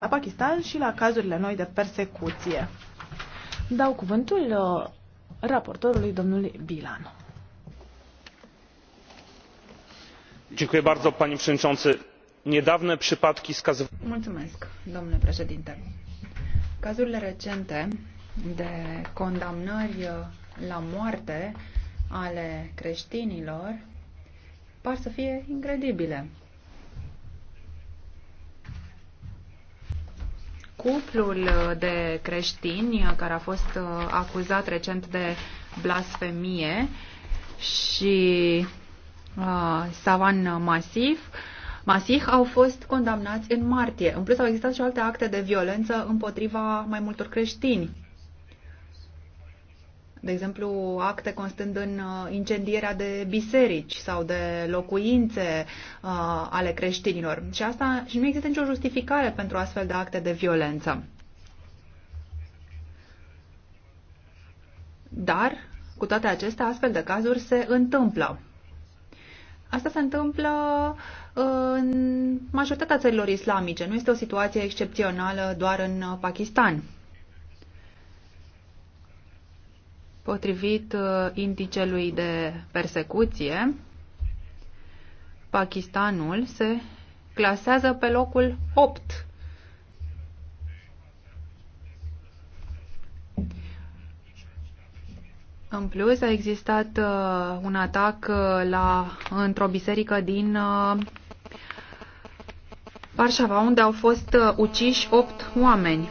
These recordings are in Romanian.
la Pakistan și la cazurile noi de persecuție. Dau cuvântul uh, raportorului domnului Bilan. Dziękuję bardzo, panie przewodniczący. Niedawne przypadki skazywały. Mulțumesc, domnule președinte. Cazurile recente de condamnări uh, la moarte ale creștinilor par să fie incredibile. cuplul de creștini care a fost uh, acuzat recent de blasfemie și uh, Savan Masif, Masih au fost condamnați în martie. În plus au existat și alte acte de violență împotriva mai multor creștini de exemplu, acte constând în uh, incendierea de biserici sau de locuințe uh, ale creștinilor. Și asta și nu există nicio justificare pentru astfel de acte de violență. Dar, cu toate acestea, astfel de cazuri se întâmplă. Asta se întâmplă uh, în majoritatea țărilor islamice. Nu este o situație excepțională doar în uh, Pakistan. Potrivit uh, indicelui de persecuție, Pakistanul se clasează pe locul 8 În plus, a existat uh, un atac uh, la, într-o biserică din uh, Varșava, unde au fost uh, uciși opt oameni.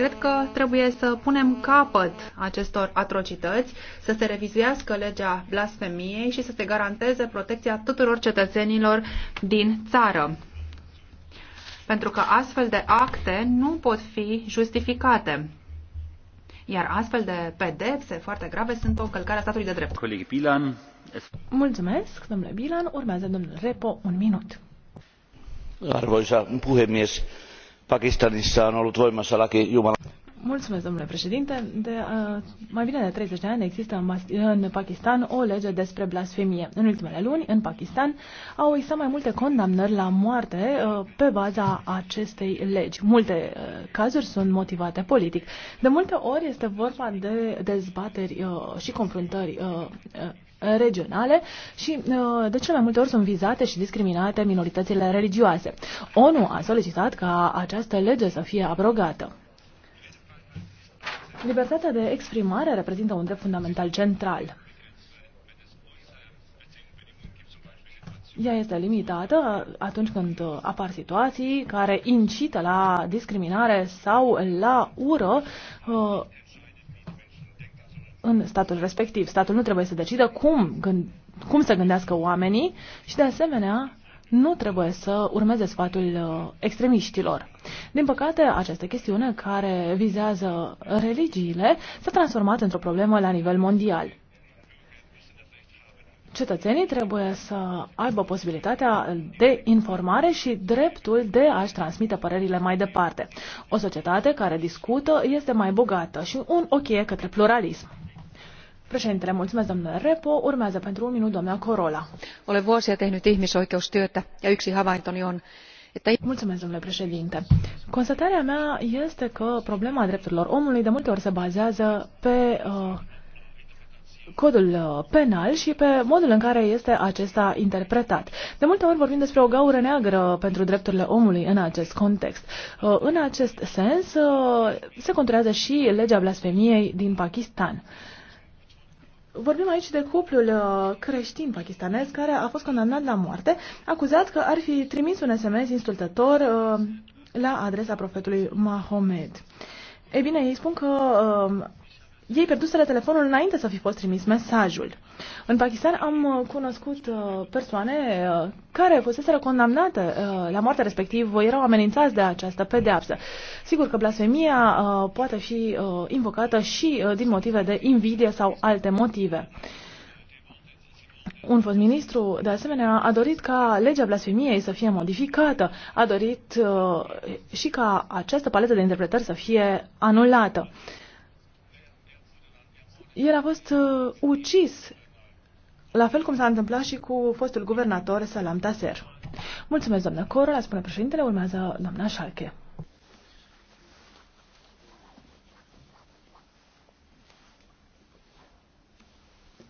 Cred că trebuie să punem capăt acestor atrocități, să se revizuiască legea blasfemiei și să se garanteze protecția tuturor cetățenilor din țară. Pentru că astfel de acte nu pot fi justificate. Iar astfel de pedepse foarte grave sunt o încălcare a statului de drept. Coleg Bilan. Mulțumesc, domnule Bilan. Urmează domnul Repo, un minut. Arvoisa puhemies, pakistanissa on ollut voimassa laki jumalan Mulțumesc, domnule președinte. De, uh, mai bine de 30 de ani există în, în Pakistan o lege despre blasfemie. În ultimele luni, în Pakistan, au existat mai multe condamnări la moarte uh, pe baza acestei legi. Multe uh, cazuri sunt motivate politic. De multe ori este vorba de dezbateri uh, și confruntări uh, uh, regionale și uh, de cele mai multe ori sunt vizate și discriminate minoritățile religioase. ONU a solicitat ca această lege să fie abrogată. Libertatea de exprimare reprezintă un drept fundamental central. Ea este limitată atunci când apar situații care incită la discriminare sau la ură uh, în statul respectiv. Statul nu trebuie să decidă cum, gând, cum să gândească oamenii și, de asemenea, nu trebuie să urmeze sfatul uh, extremiștilor. Din păcate, această chestiune care vizează religiile s-a transformat într-o problemă la nivel mondial. Cetățenii trebuie să aibă posibilitatea de informare și dreptul de a-și transmite părerile mai departe. O societate care discută este mai bogată și un ochie către pluralism. Președintele, mulțumesc, domnule Repo. Urmează pentru un minut doamna Corola. Olen vuosia tehnyt ihmisoikeustyötä ja yksi havaintoni on, että... Mulțumesc, domnule președinte. Constatarea mea este că problema drepturilor omului de multe ori se bazează pe uh, codul uh, penal și pe modul în care este acesta interpretat. De multe ori vorbim despre o gaură neagră pentru drepturile omului în acest context. Uh, în acest sens se conturează și legea blasfemiei din Pakistan. Vorbim aici de cuplul uh, creștin pakistanez care a fost condamnat la moarte, acuzat că ar fi trimis un SMS insultător uh, la adresa profetului Mahomed. Ei bine, ei spun că uh, ei pierduseră telefonul înainte să fi fost trimis mesajul. În Pakistan am uh, cunoscut uh, persoane uh, care fuseseră condamnate la moarte, respectiv erau amenințați de această pedeapsă. Sigur că blasfemia poate fi invocată și din motive de invidie sau alte motive. Un fost ministru, de asemenea, a dorit ca legea blasfemiei să fie modificată, a dorit uh, și ca această paletă de interpretări să fie anulată. Uh, el a fost uh, ucis, la fel cum s-a întâmplat și cu fostul guvernator Salam Taser. Mulțumesc, Coro, la spune președintele, urmează doamna Șalche.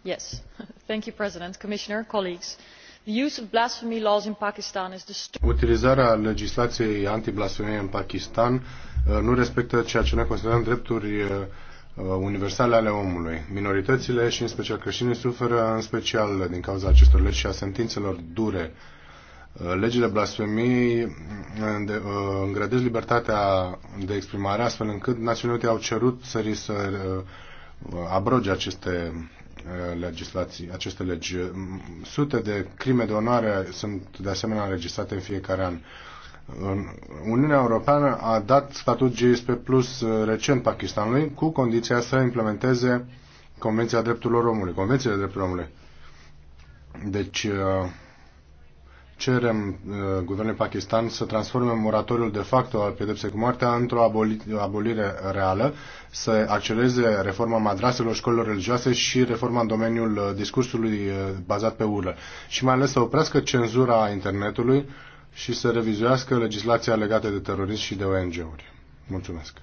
Yes. Thank you, President, Commissioner, colleagues. The use of blasphemy laws in Pakistan is disturbing. Utilizarea legislației antiblasfemie în Pakistan uh, nu respectă ceea ce ne considerăm drepturi uh, Uh, universale ale omului. Minoritățile și în special creștinii suferă în special din cauza acestor legi și a sentințelor dure. Uh, legile blasfemiei uh, îngrădesc libertatea de exprimare astfel încât Națiunile Unite au cerut țării să abroge aceste legislații, aceste legi. Sute de crime de onoare sunt de asemenea înregistrate în fiecare an. Uniunea Europeană a dat statut GSP Plus uh, recent Pakistanului cu condiția să implementeze Convenția Drepturilor Omului, Convenția Drepturilor Omului. Deci uh, cerem uh, guvernului Pakistan să transforme moratoriul de facto al pedepsei cu moartea într-o abolire reală, să accelereze reforma madraselor, școlilor religioase și reforma în domeniul discursului bazat pe urlă. Și mai ales să oprească cenzura internetului, și să revizuiască legislația legată de terorism și de ONG-uri. Mulțumesc.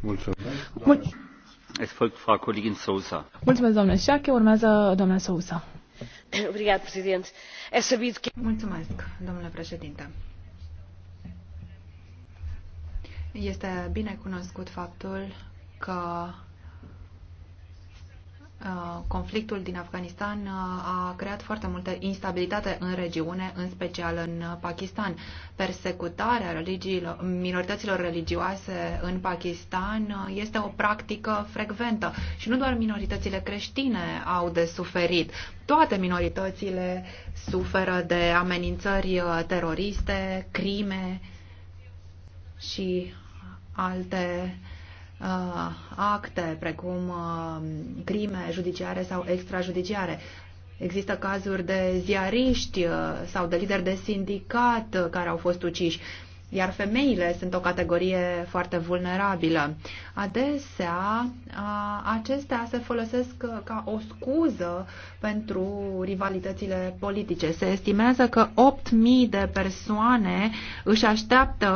Mulțumesc. Mulțumesc. Mulțumesc, doamne Șache. Urmează doamna Sousa. Mulțumesc, domnule președinte. Este bine cunoscut faptul că Uh, conflictul din Afganistan uh, a creat foarte multă instabilitate în regiune, în special în uh, Pakistan. Persecutarea religiilor, minorităților religioase în Pakistan este o practică frecventă și nu doar minoritățile creștine au de suferit. Toate minoritățile suferă de amenințări teroriste, crime și alte uh, Uh, acte precum uh, crime judiciare sau extrajudiciare. Există cazuri de ziariști uh, sau de lideri de sindicat care au fost uciși, iar femeile sunt o categorie foarte vulnerabilă. Adesea, acestea se folosesc ca o scuză pentru rivalitățile politice. Se estimează că 8.000 de persoane își așteaptă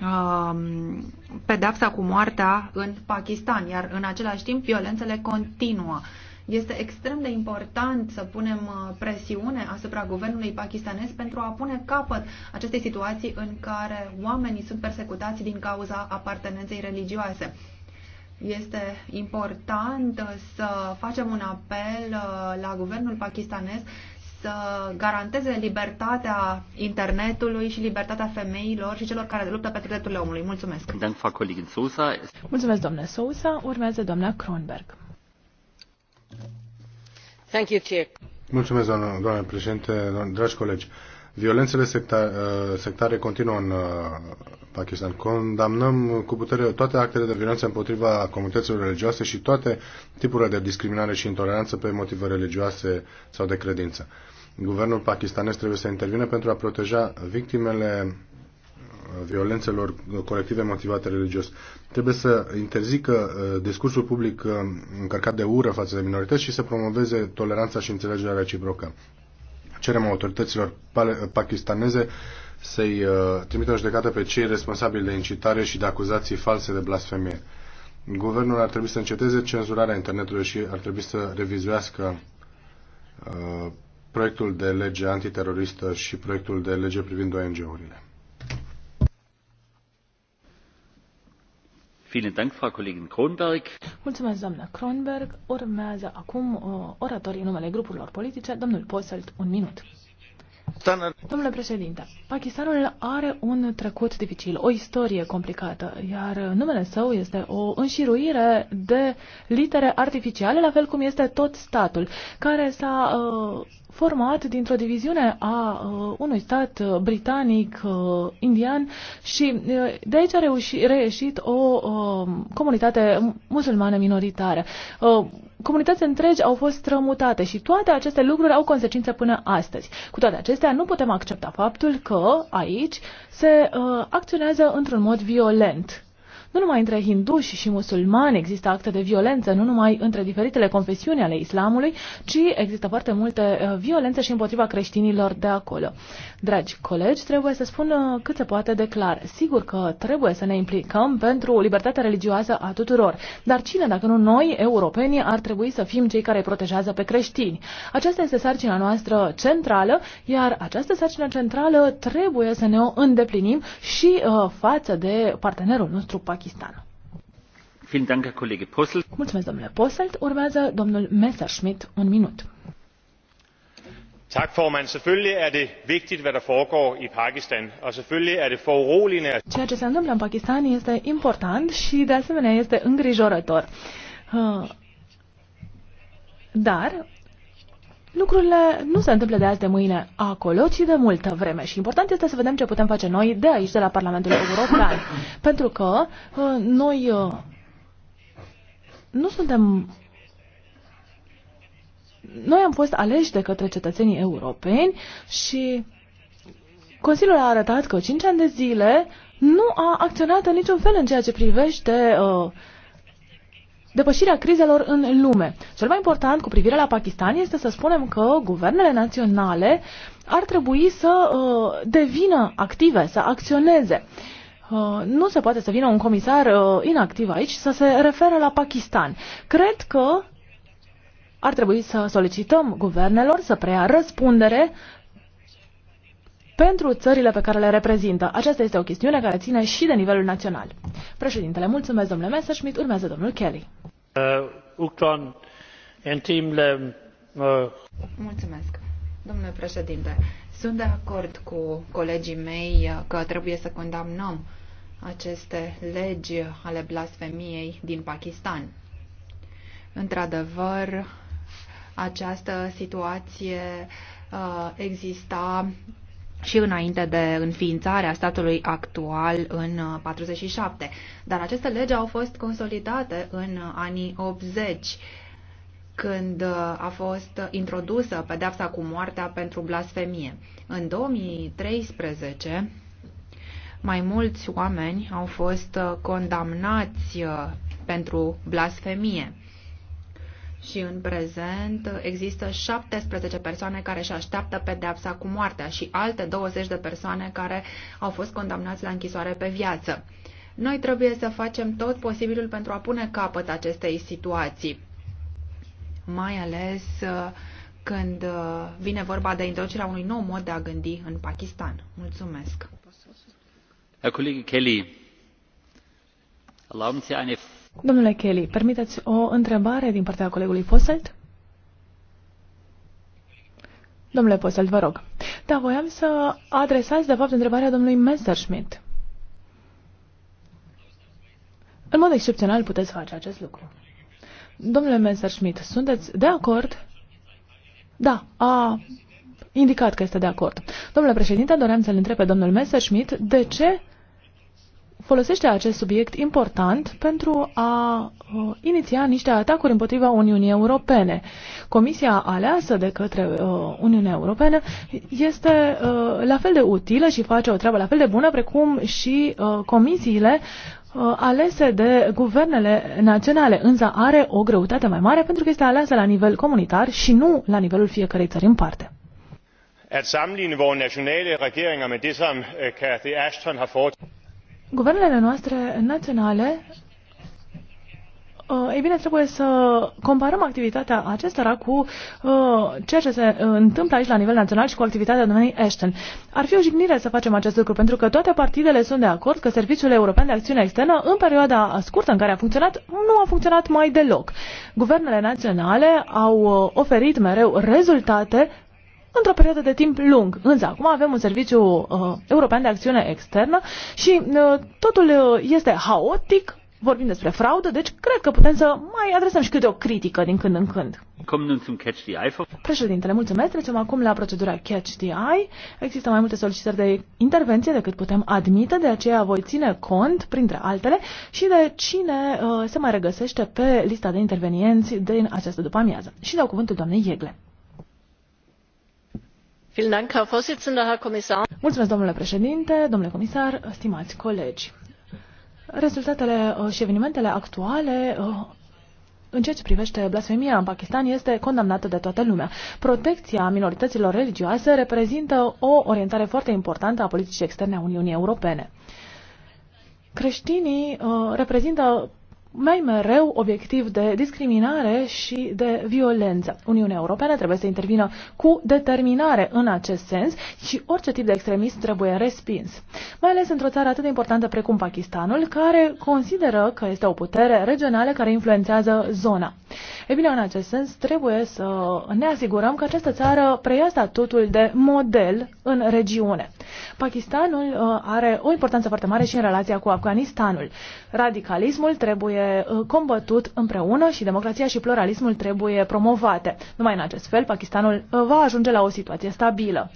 Um, pedapsa cu moartea în Pakistan, iar în același timp violențele continuă. Este extrem de important să punem uh, presiune asupra guvernului pakistanez pentru a pune capăt acestei situații în care oamenii sunt persecutați din cauza apartenenței religioase. Este important să facem un apel uh, la guvernul pakistanez să garanteze libertatea internetului și libertatea femeilor și celor care luptă pentru drepturile omului. Mulțumesc! Mulțumesc, domnule Sousa. Urmează doamna Kronberg. Thank you, Chair. Mulțumesc, doamnă, doamnă președinte, dragi colegi. Violențele sectare, sectare continuă în Pakistan. Condamnăm cu putere toate actele de violență împotriva comunităților religioase și toate tipurile de discriminare și intoleranță pe motive religioase sau de credință. Guvernul pakistanez trebuie să intervine pentru a proteja victimele uh, violențelor colective motivate religios. Trebuie să interzică uh, discursul public uh, încărcat de ură față de minorități și să promoveze toleranța și înțelegerea reciprocă cerem autorităților pakistaneze să-i uh, trimită în judecată pe cei responsabili de incitare și de acuzații false de blasfemie. Guvernul ar trebui să înceteze cenzurarea internetului și ar trebui să revizuiască uh, proiectul de lege antiteroristă și proiectul de lege privind ONG-urile. Mulțumesc, doamna Kronberg. Urmează acum uh, oratorii numele grupurilor politice. Domnul Poselt, un minut. Domnule președinte, Pakistanul are un trecut dificil, o istorie complicată, iar numele său este o înșiruire de litere artificiale, la fel cum este tot statul, care s-a uh, format dintr-o diviziune a uh, unui stat britanic, uh, indian și uh, de aici a reuși, reieșit o uh, comunitate musulmană minoritară. Uh, comunități întregi au fost strămutate și toate aceste lucruri au consecințe până astăzi. Cu toate acestea, nu putem accepta faptul că aici se uh, acționează într-un mod violent. Nu numai între hinduși și musulmani există acte de violență, nu numai între diferitele confesiuni ale islamului, ci există foarte multe uh, violențe și împotriva creștinilor de acolo. Dragi colegi, trebuie să spun uh, cât se poate de clar. Sigur că trebuie să ne implicăm pentru libertatea religioasă a tuturor, dar cine, dacă nu noi, europenii, ar trebui să fim cei care îi protejează pe creștini? Aceasta este sarcina noastră centrală, iar această sarcină centrală trebuie să ne o îndeplinim și uh, față de partenerul nostru, Pakistan. Pakistan. Mulțumesc, domnule Posselt. Urmează domnul Messerschmidt, un minut. Tak, formand. Selvfølgelig er det vigtigt, hvad der foregår i Pakistan, og selvfølgelig er det foruroligende. Ceea ce se întâmplă în Pakistan este important și de asemenea este îngrijorător. Dar lucrurile nu se întâmplă de azi de mâine acolo, ci de multă vreme. Și important este să vedem ce putem face noi de aici, de la Parlamentul European. Pentru că uh, noi uh, nu suntem noi am fost aleși de către cetățenii europeni și Consiliul a arătat că 5 ani de zile nu a acționat în niciun fel în ceea ce privește uh, depășirea crizelor în lume. Cel mai important cu privire la Pakistan este să spunem că guvernele naționale ar trebui să uh, devină active, să acționeze. Uh, nu se poate să vină un comisar uh, inactiv aici să se referă la Pakistan. Cred că ar trebui să solicităm guvernelor să preia răspundere pentru țările pe care le reprezintă. Aceasta este o chestiune care ține și de nivelul național. Președintele, mulțumesc domnule Messerschmidt, urmează domnul Kelly. Uh, uh, mulțumesc, domnule președinte. Sunt de acord cu colegii mei că trebuie să condamnăm aceste legi ale blasfemiei din Pakistan. Într-adevăr, această situație uh, exista și înainte de înființarea statului actual în 47. Uh, Dar aceste legi au fost consolidate în uh, anii 80 când uh, a fost introdusă pedeapsa cu moartea pentru blasfemie. În 2013, mai mulți oameni au fost condamnați pentru blasfemie și în prezent există 17 persoane care își așteaptă pedeapsa cu moartea și alte 20 de persoane care au fost condamnați la închisoare pe viață. Noi trebuie să facem tot posibilul pentru a pune capăt acestei situații, mai ales uh, când uh, vine vorba de introducerea unui nou mod de a gândi în Pakistan. Mulțumesc. Herr Kollege Kelly, erlauben Sie eine Domnule Kelly, permiteți o întrebare din partea colegului Poselt. Domnule Poselt, vă rog. Da, voiam să adresați, de fapt, întrebarea domnului Messerschmidt. În mod excepțional puteți face acest lucru. Domnule Messerschmidt, sunteți de acord? Da, a indicat că este de acord. Domnule președinte, doream să-l întreb pe domnul Messerschmidt de ce folosește acest subiect important pentru a uh, iniția niște atacuri împotriva Uniunii Europene. Comisia aleasă de către uh, Uniunea Europeană este uh, la fel de utilă și face o treabă la fel de bună precum și uh, comisiile uh, alese de guvernele naționale, însă are o greutate mai mare pentru că este aleasă la nivel comunitar și nu la nivelul fiecărei țări în parte at sammenligne vores nationale regeringer med det som cathy øh, ashton har foretaget Guvernele noastre naționale uh, ei bine, trebuie să comparăm activitatea acestora cu uh, ceea ce se uh, întâmplă aici la nivel național și cu activitatea domeniului Ashton. Ar fi o jignire să facem acest lucru, pentru că toate partidele sunt de acord că Serviciul European de Acțiune Externă, în perioada scurtă în care a funcționat, nu a funcționat mai deloc. Guvernele naționale au uh, oferit mereu rezultate într-o perioadă de timp lung. Însă acum avem un serviciu uh, european de acțiune externă și uh, totul uh, este haotic, vorbim despre fraudă, deci cred că putem să mai adresăm și câte o critică din când în când. Președintele, mulțumesc. Trecem acum la procedura Catch the Eye. Există mai multe solicitări de intervenție decât putem admite, de aceea voi ține cont, printre altele, și de cine uh, se mai regăsește pe lista de intervenienți din această după amiază. Și dau cuvântul doamnei Iegle. Mulțumesc, domnule președinte, domnule comisar, stimați colegi. Rezultatele uh, și evenimentele actuale uh, în ceea ce privește blasfemia în Pakistan este condamnată de toată lumea. Protecția minorităților religioase reprezintă o orientare foarte importantă a politicii externe a Uniunii Europene. Creștinii uh, reprezintă mai mereu obiectiv de discriminare și de violență. Uniunea Europeană trebuie să intervină cu determinare în acest sens și orice tip de extremism trebuie respins. Mai ales într-o țară atât de importantă precum Pakistanul, care consideră că este o putere regională care influențează zona. Ei bine, în acest sens trebuie să ne asigurăm că această țară preia statutul de model în regiune. Pakistanul uh, are o importanță foarte mare și în relația cu Afganistanul. Radicalismul trebuie trebuie uh, combătut împreună și democrația și pluralismul trebuie promovate. Numai în acest fel, Pakistanul uh, va ajunge la o situație stabilă.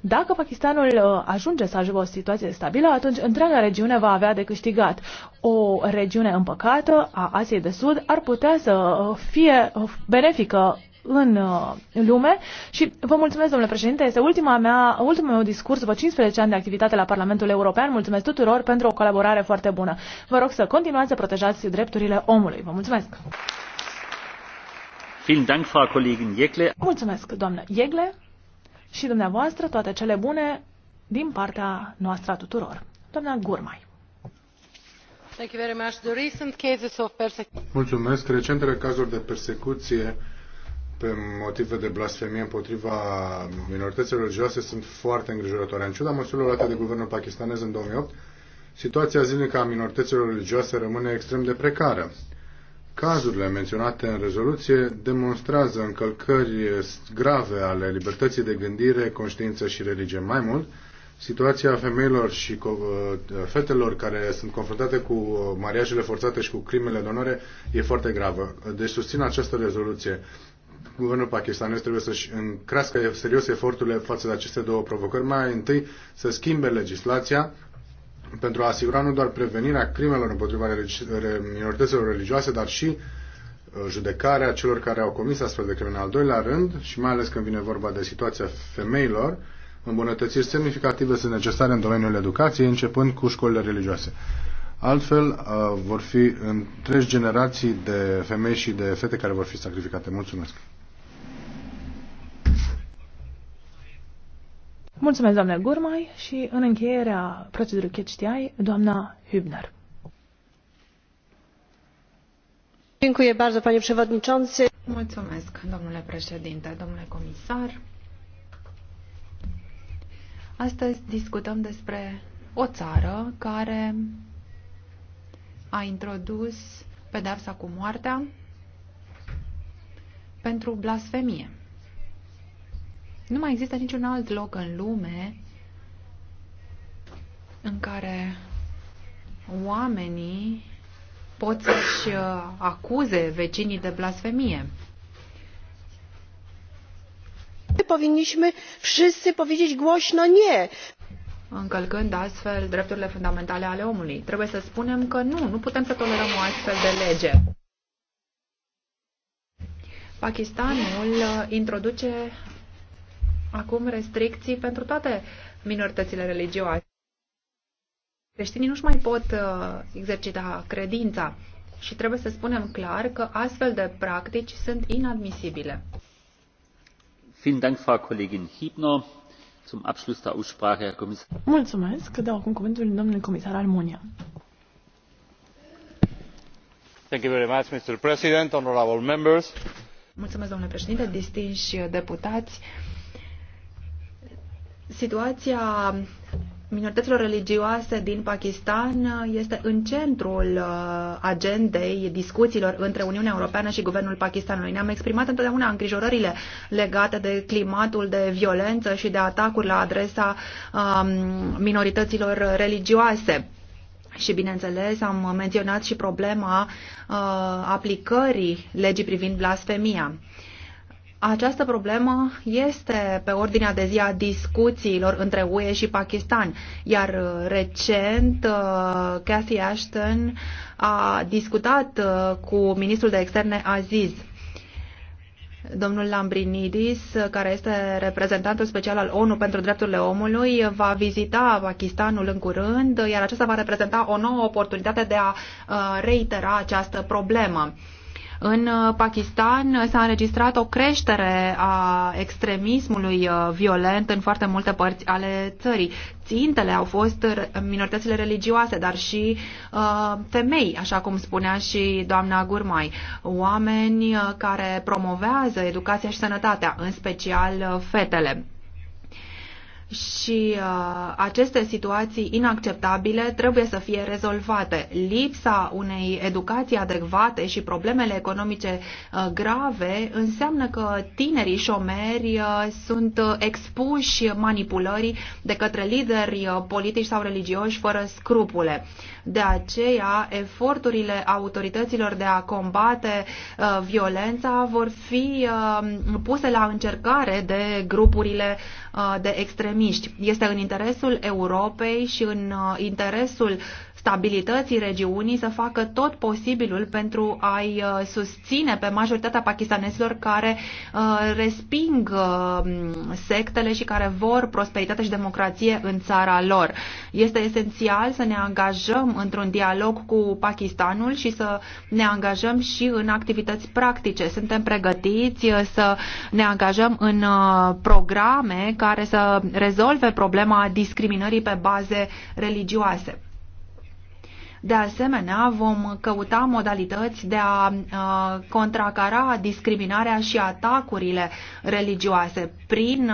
Dacă Pakistanul uh, ajunge să ajungă o situație stabilă, atunci întreaga regiune va avea de câștigat. O regiune împăcată a Asiei de Sud ar putea să fie benefică Uh, în lume și vă mulțumesc, domnule președinte, este ultima mea, ultimul meu discurs după 15 ani de activitate la Parlamentul European. Mulțumesc tuturor pentru o colaborare foarte bună. Vă rog să continuați să protejați drepturile omului. Vă mulțumesc! Mulțumesc, doamnă Iegle, și dumneavoastră toate cele bune din partea noastră a tuturor. Doamna Gurmai. Mulțumesc. Recentele cazuri de persecuție pe motive de blasfemie împotriva minorităților religioase sunt foarte îngrijorătoare. În ciuda măsurilor luate de guvernul pakistanez în 2008, situația zilnică a minorităților religioase rămâne extrem de precară. Cazurile menționate în rezoluție demonstrează încălcări grave ale libertății de gândire, conștiință și religie. Mai mult, situația femeilor și uh, fetelor care sunt confruntate cu uh, mariajele forțate și cu crimele de onoare e foarte gravă. Deci susțin această rezoluție guvernul pakistanez trebuie să-și crească serios eforturile față de aceste două provocări. Mai întâi să schimbe legislația pentru a asigura nu doar prevenirea crimelor împotriva minorităților religioase, dar și uh, judecarea celor care au comis astfel de crime. Al doilea rând, și mai ales când vine vorba de situația femeilor, îmbunătățiri semnificative sunt necesare în domeniul educației, începând cu școlile religioase. Altfel, uh, vor fi întregi generații de femei și de fete care vor fi sacrificate. Mulțumesc! Mulțumesc, doamne Gurmai, și în încheierea procedurii știai, doamna Hübner. Mulțumesc, domnule președinte, domnule comisar. Astăzi discutăm despre o țară care a introdus pedepsa cu moartea pentru blasfemie. Nu mai există niciun alt loc în lume în care oamenii pot să-și uh, acuze vecinii de blasfemie. toți, wszyscy powiedzieć głośno nie. Încălcând astfel drepturile fundamentale ale omului. Trebuie să spunem că nu, nu putem să tolerăm o astfel de lege. Pakistanul uh, introduce acum restricții pentru toate minoritățile religioase. Creștinii nu-și mai pot uh, exercita credința și trebuie să spunem clar că astfel de practici sunt inadmisibile. Mulțumesc. Dau acum cuvântul domnului comisar Almunia. Thank you very much, Mr. President, honorable members. Mulțumesc, domnule președinte, distinși deputați. Uh, Situația minorităților religioase din Pakistan este în centrul uh, agendei discuțiilor între Uniunea Europeană și Guvernul Pakistanului. Ne-am exprimat întotdeauna îngrijorările legate de climatul de violență și de atacuri la adresa um, minorităților religioase. Și, bineînțeles, am menționat și problema uh, aplicării legii privind blasfemia. Această problemă este pe ordinea de zi a discuțiilor între UE și Pakistan, iar uh, recent uh, Cathy Ashton a discutat uh, cu ministrul de externe Aziz domnul Lambrinidis, care este reprezentantul special al ONU pentru drepturile omului, va vizita Pakistanul în curând, iar aceasta va reprezenta o nouă oportunitate de a reitera această problemă. În uh, Pakistan s-a înregistrat o creștere a extremismului uh, violent în foarte multe părți ale țării. Țintele au fost minoritățile religioase, dar și uh, femei, așa cum spunea și doamna Gurmai, oameni uh, care promovează educația și sănătatea, în special fetele și uh, aceste situații inacceptabile trebuie să fie rezolvate. Lipsa unei educații adecvate și problemele economice uh, grave înseamnă că tinerii șomeri uh, sunt expuși manipulării de către lideri uh, politici sau religioși fără scrupule. De aceea, eforturile autorităților de a combate uh, violența vor fi uh, puse la încercare de grupurile uh, Uh, de extremiști. Este în interesul Europei și în uh, interesul stabilității regiunii să facă tot posibilul pentru a-i uh, susține pe majoritatea pakistanezilor care uh, resping uh, sectele și care vor prosperitate și democrație în țara lor. Este esențial să ne angajăm într-un dialog cu Pakistanul și să ne angajăm și în activități practice. Suntem pregătiți să ne angajăm în programe care să rezolve problema discriminării pe baze religioase. De asemenea, vom căuta modalități de a contracara discriminarea și atacurile religioase prin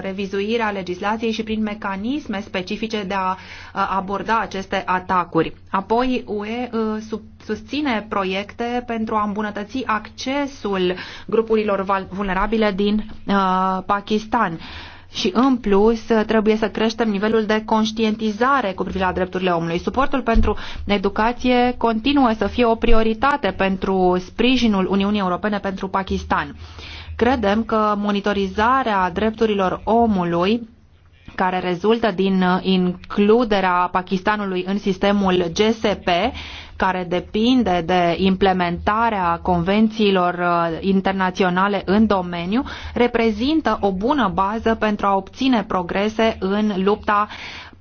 revizuirea legislației și prin mecanisme specifice de a aborda aceste atacuri. Apoi, UE susține proiecte pentru a îmbunătăți accesul grupurilor vulnerabile din Pakistan și în plus trebuie să creștem nivelul de conștientizare cu privire la drepturile omului. Suportul pentru educație continuă să fie o prioritate pentru sprijinul Uniunii Europene pentru Pakistan. Credem că monitorizarea drepturilor omului care rezultă din uh, includerea Pakistanului în sistemul GSP, care depinde de implementarea convențiilor uh, internaționale în domeniu, reprezintă o bună bază pentru a obține progrese în lupta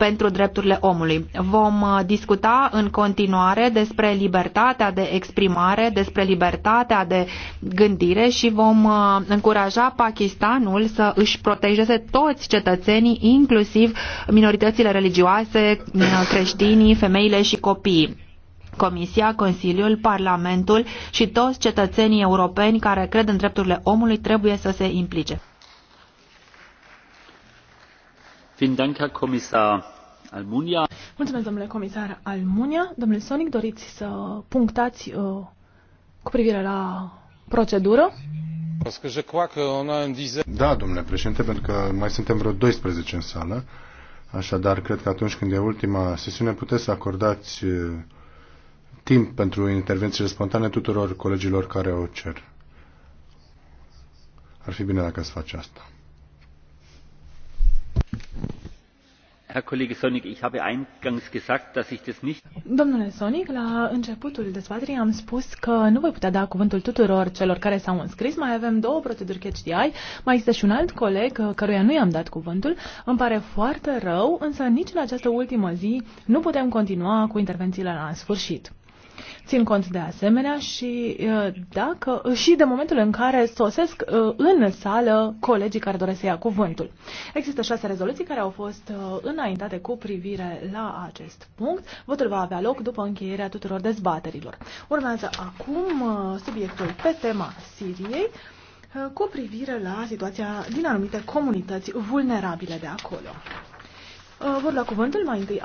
pentru drepturile omului. Vom uh, discuta în continuare despre libertatea de exprimare, despre libertatea de gândire și vom uh, încuraja Pakistanul să își protejeze toți cetățenii, inclusiv minoritățile religioase, uh, creștinii, femeile și copiii. Comisia, Consiliul, Parlamentul și toți cetățenii europeni care cred în drepturile omului trebuie să se implice. Mulțumesc, domnule comisar Almunia. Domnule sonik doriți să punctați uh, cu privire la procedură? Da, domnule președinte, pentru că mai suntem vreo 12 în sală. Așadar, cred că atunci când e ultima sesiune, puteți să acordați uh, timp pentru intervențiile spontane tuturor colegilor care o cer. Ar fi bine dacă ați face asta. Domnule Sonic, la începutul dezbaterii am spus că nu voi putea da cuvântul tuturor celor care s-au înscris. Mai avem două proceduri CHDI. Mai este și un alt coleg uh, căruia nu i-am dat cuvântul. Îmi pare foarte rău, însă nici în această ultimă zi nu putem continua cu intervențiile la sfârșit. Țin cont de asemenea și, uh, dacă, uh, și de momentul în care sosesc uh, în sală colegii care doresc să ia cuvântul. Există șase rezoluții care au fost înaintate cu privire la acest punct. Votul va avea loc după încheierea tuturor dezbaterilor. Urmează acum subiectul pe tema Siriei cu privire la situația din anumite comunități vulnerabile de acolo. Vor la cuvântul mai întâi